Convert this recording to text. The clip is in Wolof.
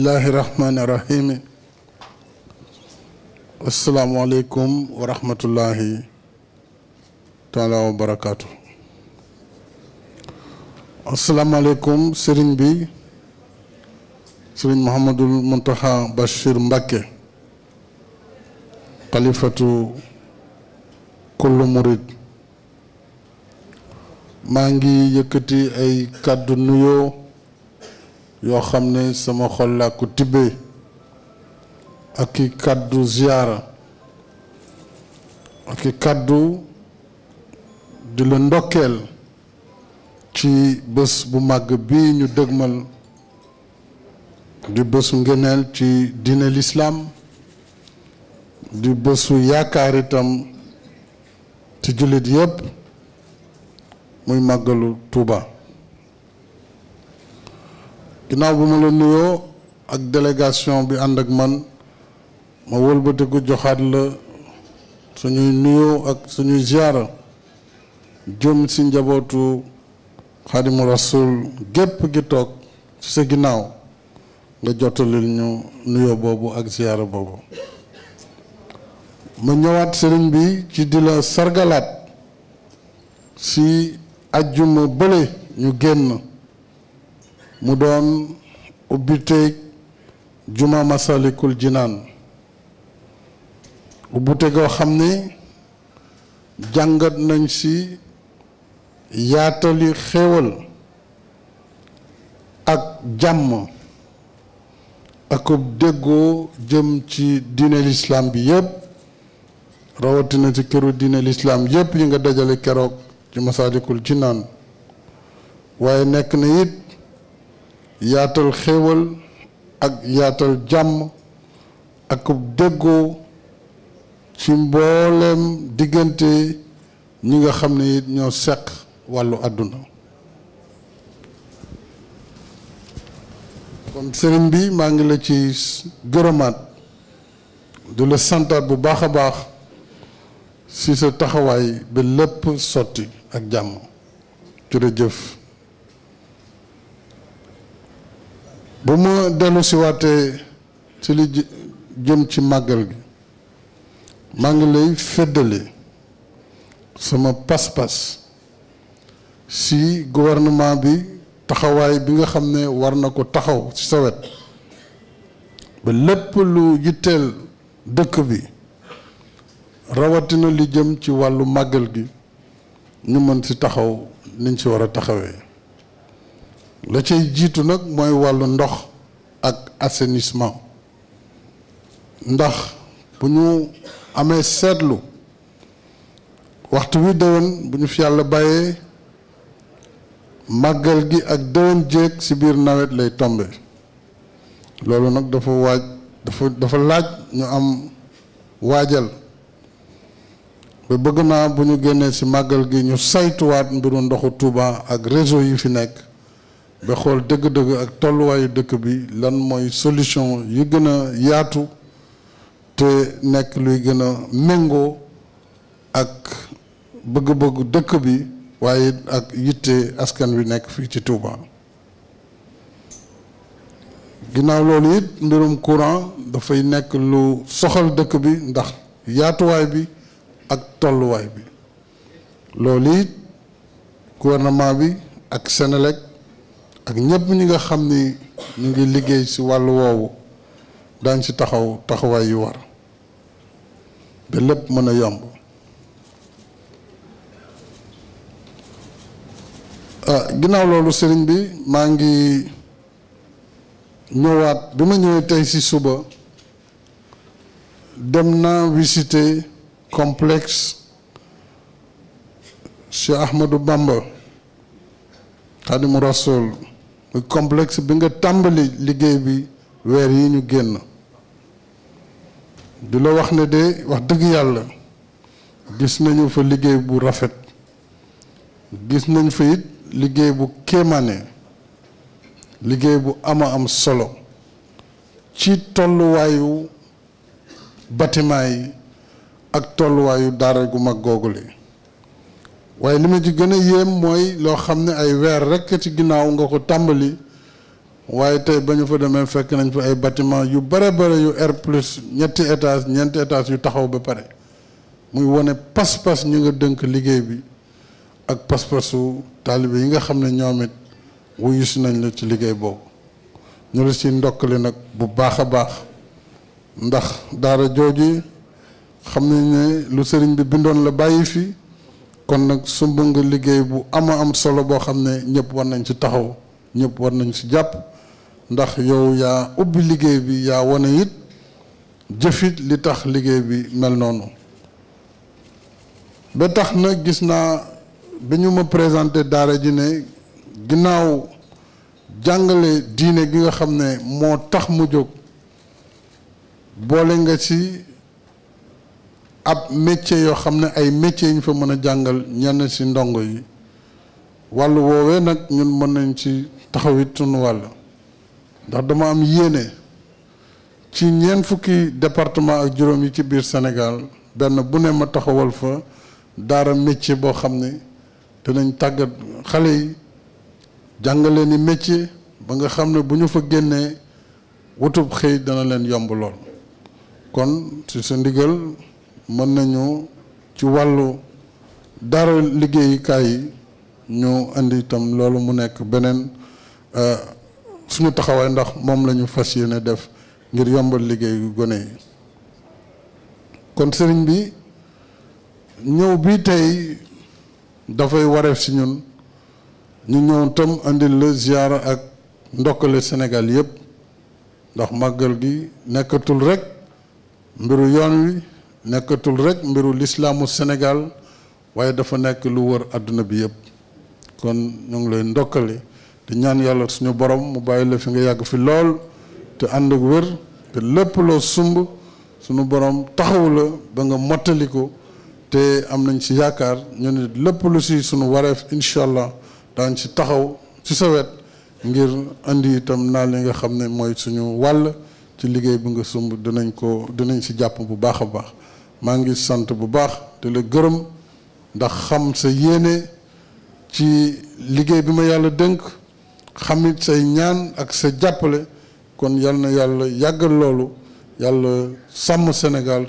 bismillahi rahmaani rahim asalaamualeykum wa rahmatullahi taala wa barakaatu asalaamualeykum sëriñ bi sëriñ Mouhamadul Muntaxa Bachir Mbàkke xalifatu kullu murid maa ngi yëkkati ay kàddu nuyoo yoo xam ne sama xol laa ko tibbee ak i kàddu ziyaara ak i kàddu di la ndokkeel ci bés bu màgg bi ñu dëgmal di bésu ngeneel ci dina lislaam di bésu yaakaar itam ci jullit yépp muy màggalu Tuuba ginaaw bu ma la nuyoo ak délégation bi ànd ak man ma wëlbatiku joxaat la suñuy nuyoo ak suñuy ziara jëm si njabootu xaadimu rasul gépp gi toog ci sa ginnaaw nga jottalil ñu nuyoo boobu ak ziara boobu ma ñëwaat sëriñ bi ci di la sargalaat si ajjuma bële ñu génn mu doon ubbiteeg juma masalikul jinaan ubbutegoo xam ne jàngat nañ ci yaatali xéewal ak jàmm akub déggoo jëm ci diine lislaam bi yépp rawatina ci këru diine lislaam yépp yi nga dajale keroog ci masalikul jinaan waaye nekk na it yaatal xéewal ak yaatal jàmm ak déggoo ci mbooleem diggante ñi nga xam ne it ñoo seq wàllu àdduna kon sëriñ bi maa ngi la ci gërëmaat du la santaat bu baaxa baax ci sa taxawaay ba lépp sotti ak jàmm jërëjëf bu ma dellu si waatee ci li jëm ci màggal gi maa ngi lay feddali sama pas-pas si gouvernement bi taxawaay bi nga xam ne war na ko taxaw ci sa wet ba lépp lu yitteel dëkk bi rawatina li jëm ci wàllu màggal gi ñu mën si taxaw niñ si war a taxawee la cay jitu nak moy walu ndox ak assainissement ndax buñu amé amee waxtu wi dewon buñu fi yalla bayé magal gi ak dewon jéeg ci bir nawet lay tombe lolu nak dafa waaj dafa dafa laaj ñu am waajal ba bëgg naa bu ñu génnee ci màggal gi ñu saytuwaat mbiru ndoxu Touba ak réseau yi fi nekk ba xool dëgg-dëgg ak tolluwaayu dëkk bi lan mooy solution yu gën a yaatu te nekk luy gën a méngoo ak bëgg-bëggu dëkk bi waaye ak yitte askan wi nekk fii ci Touba. ginnaaw loolu it mbirum courant dafay nekk lu soxal dëkk bi ndax yaatuwaay bi ak tolluwaay bi loolu it gouvernement bi ak Senelec ak ñepp ñi nga xamni ñu ngi liggéey si walu woowu dañ si taxaw taxaway yu war be lepp mëna a yomb ah, ginaaw loolu sëriñ bi maa ngi ñëwaat bi ma ñëwee tey si suba dem naa visiter complexe Cheikh Ahmadou Bamba Xaadimu Rasuul muy complexe bi nga tàmbali liggéey bi weer yi ñu génn du la wax ne de wax dëgg yàlla gis nañu fa liggéey bu rafet gis nañ fa it liggéey bu kéemaane liggéey bu ama am solo ci tolluwaayu bâtiment yi ak tolluwaayu daara gu mag googule waaye li ma ci gën a yéem mooy loo xam ne ay weer rekk ci ginnaaw nga ko tàmbali waaye tey ba ñu fa demee fekk nañ fa ay batiment yu bare bare yu R plus ñetti étage ñeenti étage yu taxaw ba pare muy wane pas-pas ñu nga dënk liggéey bi ak pas-pasu taalibe yi nga xam ne ñoom it nañ la ci liggéey boobu ñu la si ndokkale nag bu baax a baax ndax daara jooju xam nañ ne lu sëriñ bi bindoon la bàyyi fii kon nag su nga liggéey bu ama am solo boo xam ne ñëpp war nañ ci taxaw ñëpp war nañ ci jàpp ndax yow yaa ubbi liggéey bi yaa wane it jëfit li tax liggéey bi mel noonu ba tax na gis naa bi ñu ma présenté daara ji ne ginnaaw jàngale diine gi nga xam ne moo tax mu jóg boole nga ci ab métier yoo xam ne ay métier yi ñu fa mën a jàngal ñenn ci ndongo yi wàllu woowee nag ñu mën nañ ci taxawit sunu wàll ndax dama am yéene ci ñeen fukki département ak juróom yi ci biir senegal benn bu ne ma taxawal fa daara métier boo xam ne dinañ tàggat xale yi jàngale ni métier ba nga xam ne bu ñu fa génnee wutub xëy dana leen yomb lool kon ci sa ndigal mën nañu ci wàllu dara liggéeyukaay yi ñu indi itam loolu mu nekk beneen euh, suñu taxawaay ndax moom lañu ñu fas yéene def ngir yombal liggéeyu gone yi kon sëriñ bi ñëw bii tey dafay wareef si ñun ñu ñëw tam andil la ziyaara ak ndokkale senegal yépp ndax màggal gi nekkatul rek mbiru yoon wi nekkatul rek mbiru lislaamu Sénégal waaye dafa nekk lu wër àdduna bi yëpp kon ñu ngi lay ndokkale te ñaan yàlla suñu borom mu bàyyi la fi nga yàgg fi lool te ànd ak wër te lépp loo sumb suñu borom taxawu ba nga mottali ko te am nañ ci yaakaar ñu lépp lu si suñu wareef incha allah daañ ci taxaw si sa wet ngir indi itam naa li nga xam ne mooy suñu wàll ci liggéey bi nga sumb dinañ ko dinañ si jàpp bu baax a baax maa ngi sant bu baax te la gërëm ndax xam sa yéene ci liggéey bi ma yàlla dënk xamit say ñaan ak sa jàppale kon yal na yàlla yàggal loolu yàlla sàmm Sénégal